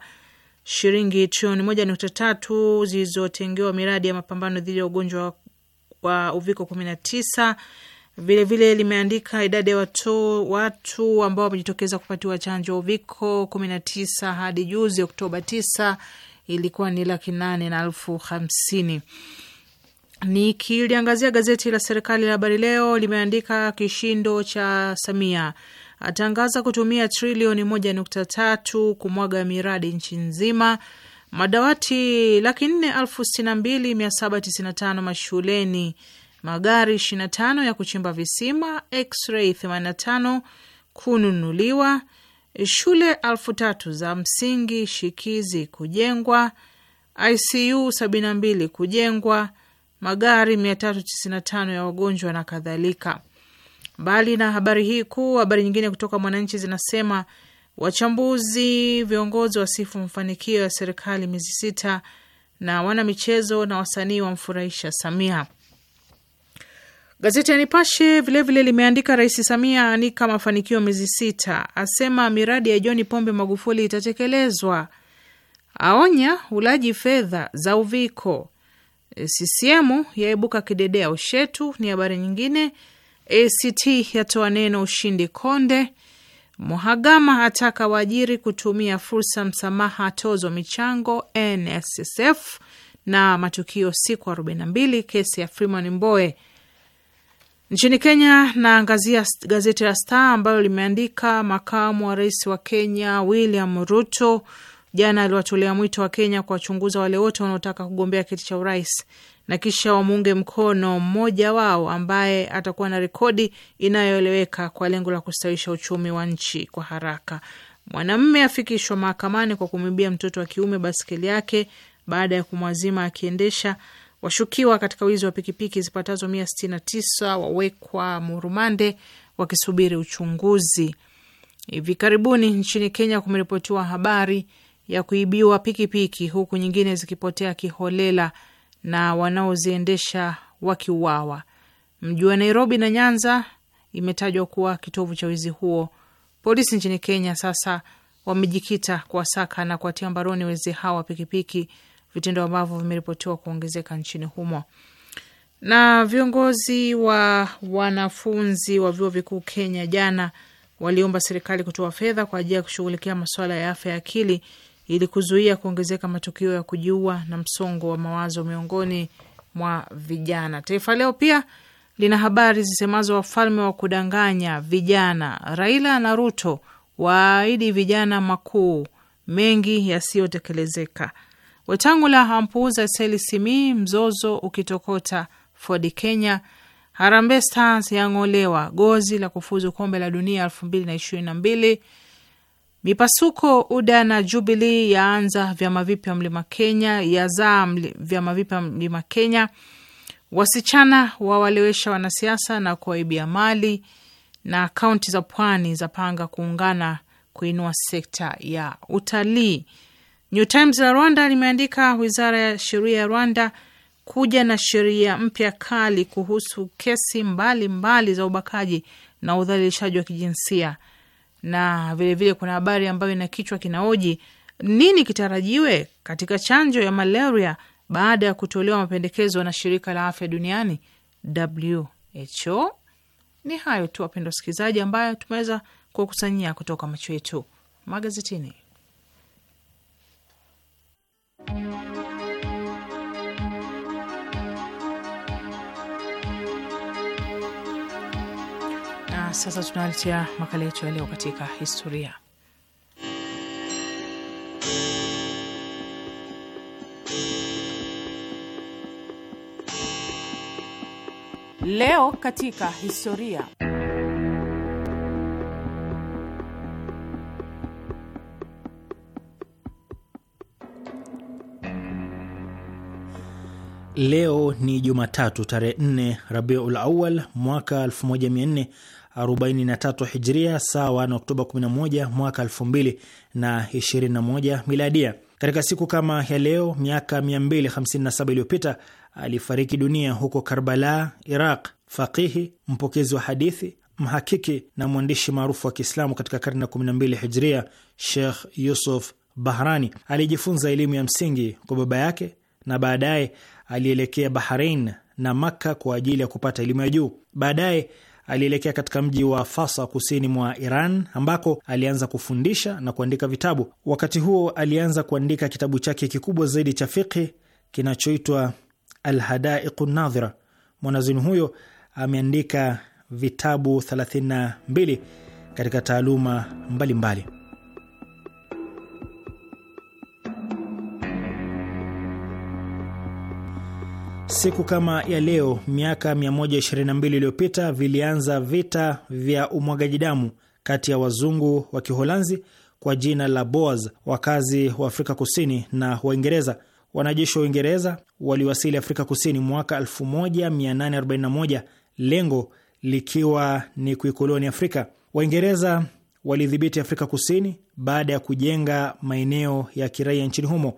shilingi trilioni moja nukta tatu zilizotengewa miradi ya mapambano dhidi ya ugonjwa wa uviko kumi na tisa Vilevile limeandika idadi ya watu, watu ambao wamejitokeza kupatiwa chanjo uviko 19 hadi juzi Oktoba 9 ilikuwa ni laki nane na elfu hamsini. Nikiliangazia gazeti la serikali la Habari Leo limeandika kishindo cha Samia atangaza kutumia trilioni moja nukta tatu kumwaga miradi nchi nzima. Madawati laki nne elfu sitini na mbili mia saba tisini na tano mashuleni magari 25 ya kuchimba visima x-ray 85 kununuliwa, shule elfu tatu za msingi shikizi kujengwa, ICU 72 kujengwa, magari 395 ya wagonjwa na kadhalika. Mbali na habari hii kuu, habari nyingine kutoka Mwananchi zinasema wachambuzi, viongozi wasifu mafanikio ya serikali miezi sita, na wanamichezo na wasanii wamfurahisha Samia. Gazeti ya Nipashe vilevile limeandika Rais Samia anika mafanikio miezi sita, asema miradi ya John Pombe Magufuli itatekelezwa, aonya ulaji fedha za uviko, e, CCM yaibuka kidedea Ushetu ni habari nyingine. ACT yatoa neno ushindi Konde. Mhagama ataka waajiri kutumia fursa msamaha tozo michango NSSF na matukio siku 42 kesi ya Freeman Mboe Nchini Kenya naangazia gazeti la Star ambalo limeandika makamu wa rais wa Kenya William Ruto jana aliwatolea mwito wa Kenya kuwachunguza wale wote wanaotaka kugombea kiti cha urais na kisha wamuunge mkono mmoja wao ambaye atakuwa na rekodi inayoeleweka kwa lengo la kustawisha uchumi wa nchi kwa haraka. Mwanamume afikishwa mahakamani kwa kumwibia mtoto wa kiume baskeli yake baada ya kumwazima akiendesha Washukiwa katika wizi wa pikipiki zipatazo mia sitini na tisa wawekwa murumande wakisubiri uchunguzi. Hivi karibuni nchini Kenya kumeripotiwa habari ya kuibiwa pikipiki huku nyingine zikipotea kiholela na wanaoziendesha wakiuawa. Mji wa Nairobi na Nyanza imetajwa kuwa kitovu cha wizi huo. Polisi nchini Kenya sasa wamejikita kuwasaka na kuwatia mbaroni wezi hawa pikipiki pikipiki vitendo ambavyo vimeripotiwa kuongezeka nchini humo. Na viongozi wa wanafunzi wa vyuo vikuu Kenya jana waliomba serikali kutoa fedha kwa ajili ya kushughulikia masuala ya afya ya akili ili kuzuia kuongezeka matukio ya kujiua na msongo wa mawazo miongoni mwa vijana. Taifa Leo pia lina habari zisemazo wafalme wa kudanganya vijana, Raila na Ruto waahidi vijana makuu mengi yasiyotekelezeka. Wetangula hampuuza seli Simi, mzozo ukitokota Fordi Kenya. Harambee Stars yang'olewa gozi la kufuzu kombe la dunia elfu mbili na ishirini na mbili. Mipasuko UDA na jubilii yaanza vyama vipya mlima Kenya, yazaa vyama vipya mlima Kenya. Wasichana wawalewesha wanasiasa na kuwaibia mali, na kaunti za pwani za panga kuungana kuinua sekta ya utalii. New Times la Rwanda limeandika wizara ya sheria ya Rwanda kuja na sheria mpya kali kuhusu kesi mbalimbali mbali za ubakaji na udhalilishaji wa kijinsia. Na vilevile vile kuna habari ambayo ina kichwa kinaoji nini kitarajiwe katika chanjo ya malaria baada ya kutolewa mapendekezo na shirika la afya duniani WHO. Ni hayo tu wapendwa wasikilizaji, ambayo tumeweza kuwakusanyia kutoka macho yetu magazetini. Na sasa tunaletea makala yetu yaleo katika historia. Leo katika historia. Leo ni Jumatatu tarehe 4 Rabiul Awal mwaka 1443 Hijria, sawa na Oktoba 11 mwaka 2021 Miladia. Katika siku kama ya leo miaka 257 iliyopita alifariki dunia huko Karbala, Iraq, faqihi, mpokezi wa hadithi, mhakiki na mwandishi maarufu wa Kiislamu katika karne ya 12 Hijria, Sheikh Yusuf Bahrani. Alijifunza elimu ya msingi kwa baba yake na baadaye alielekea bahrein na Makka kwa ajili ya kupata elimu ya juu. Baadaye alielekea katika mji wa Fasa kusini mwa Iran ambako alianza kufundisha na kuandika vitabu. Wakati huo alianza kuandika kitabu chake kikubwa zaidi cha fiqhi kinachoitwa Alhadaiqu Nadhira. mwanazini huyo ameandika vitabu 32 katika taaluma mbalimbali mbali. Siku kama ya leo miaka 122 iliyopita vilianza vita vya umwagaji damu kati ya wazungu wa Kiholanzi kwa jina la Boers, wakazi wa Afrika Kusini na Waingereza. Wanajeshi wa Uingereza waliwasili Afrika Kusini mwaka 1841, lengo likiwa ni kuikoloni Afrika. Waingereza walidhibiti Afrika Kusini baada ya kujenga maeneo ya kiraia nchini humo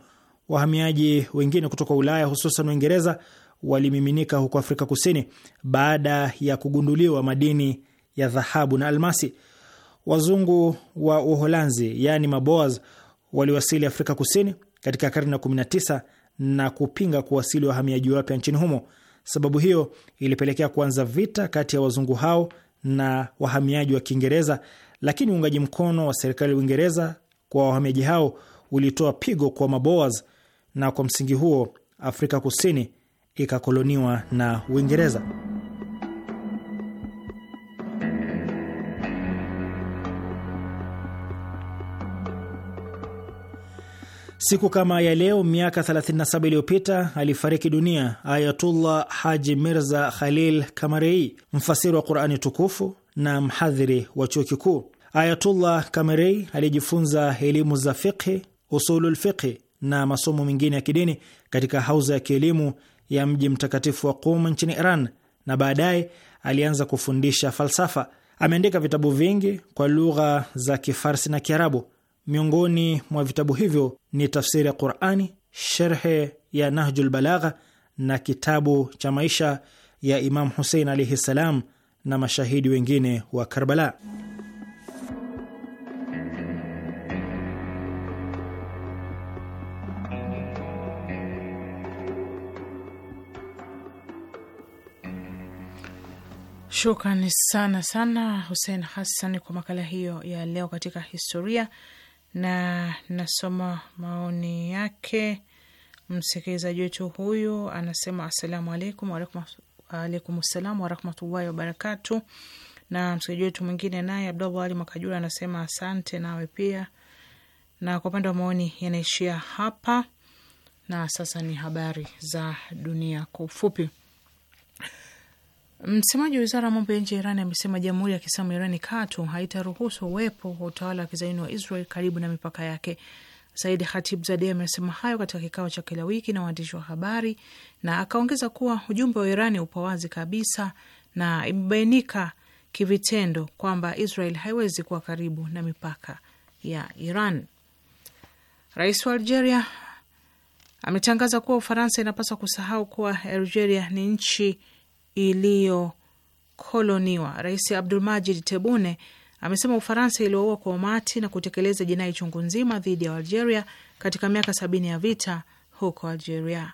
wahamiaji wengine kutoka Ulaya hususan Uingereza walimiminika huko Afrika Kusini baada ya kugunduliwa madini ya dhahabu na almasi. Wazungu wa Uholanzi yaani maboas waliwasili Afrika Kusini katika karne ya 19 na kupinga kuwasili wahamiaji wapya nchini humo. Sababu hiyo ilipelekea kuanza vita kati ya wazungu hao na wahamiaji wa Kiingereza, lakini uungaji mkono wa serikali ya Uingereza kwa wahamiaji hao ulitoa pigo kwa maboas na kwa msingi huo Afrika Kusini ikakoloniwa na Uingereza. Siku kama ya leo miaka 37 iliyopita alifariki dunia Ayatullah Haji Mirza Khalil Kamarei, mfasiri wa Qurani tukufu na mhadhiri wa chuo kikuu. Ayatullah Kamarei alijifunza elimu za fiqhi, usulul fiqhi na masomo mengine ya kidini katika hauza ya kielimu ya mji mtakatifu wa Qum nchini Iran na baadaye alianza kufundisha falsafa. Ameandika vitabu vingi kwa lugha za Kifarsi na Kiarabu. Miongoni mwa vitabu hivyo ni tafsiri ya Qurani, sherhe ya Nahjul Balagha na kitabu cha maisha ya Imam Husein alaihi ssalam na mashahidi wengine wa Karbala. Shukran sana sana Husein Hassan kwa makala hiyo ya leo katika historia, na nasoma maoni yake. Msikilizaji wetu huyu anasema assalamu alaikum. Waalaikum salam warahmatullahi wabarakatu. Na msikilizaji wetu mwingine naye Abdallah Ali Mwakajura anasema asante nawe pia, na kwa upande wa maoni yanaishia hapa, na sasa ni habari za dunia kwa ufupi. Msemaji wa wizara ya mambo ya nje ya Irani amesema jamhuri ya kiislamu ya Irani katu haitaruhusu uwepo wa utawala wa kizaini wa Israel karibu na mipaka yake. Said Khatibzadeh amesema hayo katika kikao cha kila wiki na waandishi wa habari, na akaongeza kuwa ujumbe wa Irani upo wazi kabisa na imebainika kivitendo kwamba Israel haiwezi kuwa karibu na mipaka ya Iran. Rais wa Algeria ametangaza kuwa Ufaransa inapaswa kusahau kuwa Algeria ni nchi iliyokoloniwa. Rais Abdulmajid Tebune amesema Ufaransa iliwaua kwa umati na kutekeleza jinai chungu nzima dhidi ya Algeria katika miaka sabini ya vita huko Algeria.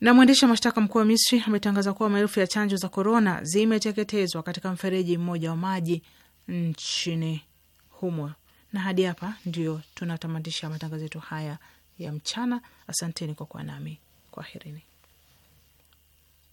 Na mwendesha mashtaka mkuu wa Misri ametangaza kuwa maelfu ya chanjo za korona zimeteketezwa katika mfereji mmoja wa maji nchini humo. Na hadi hapa ndio tunatamatisha matangazo yetu haya ya mchana. Asanteni kwa kuwa nami, kwaherini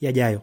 yajayo.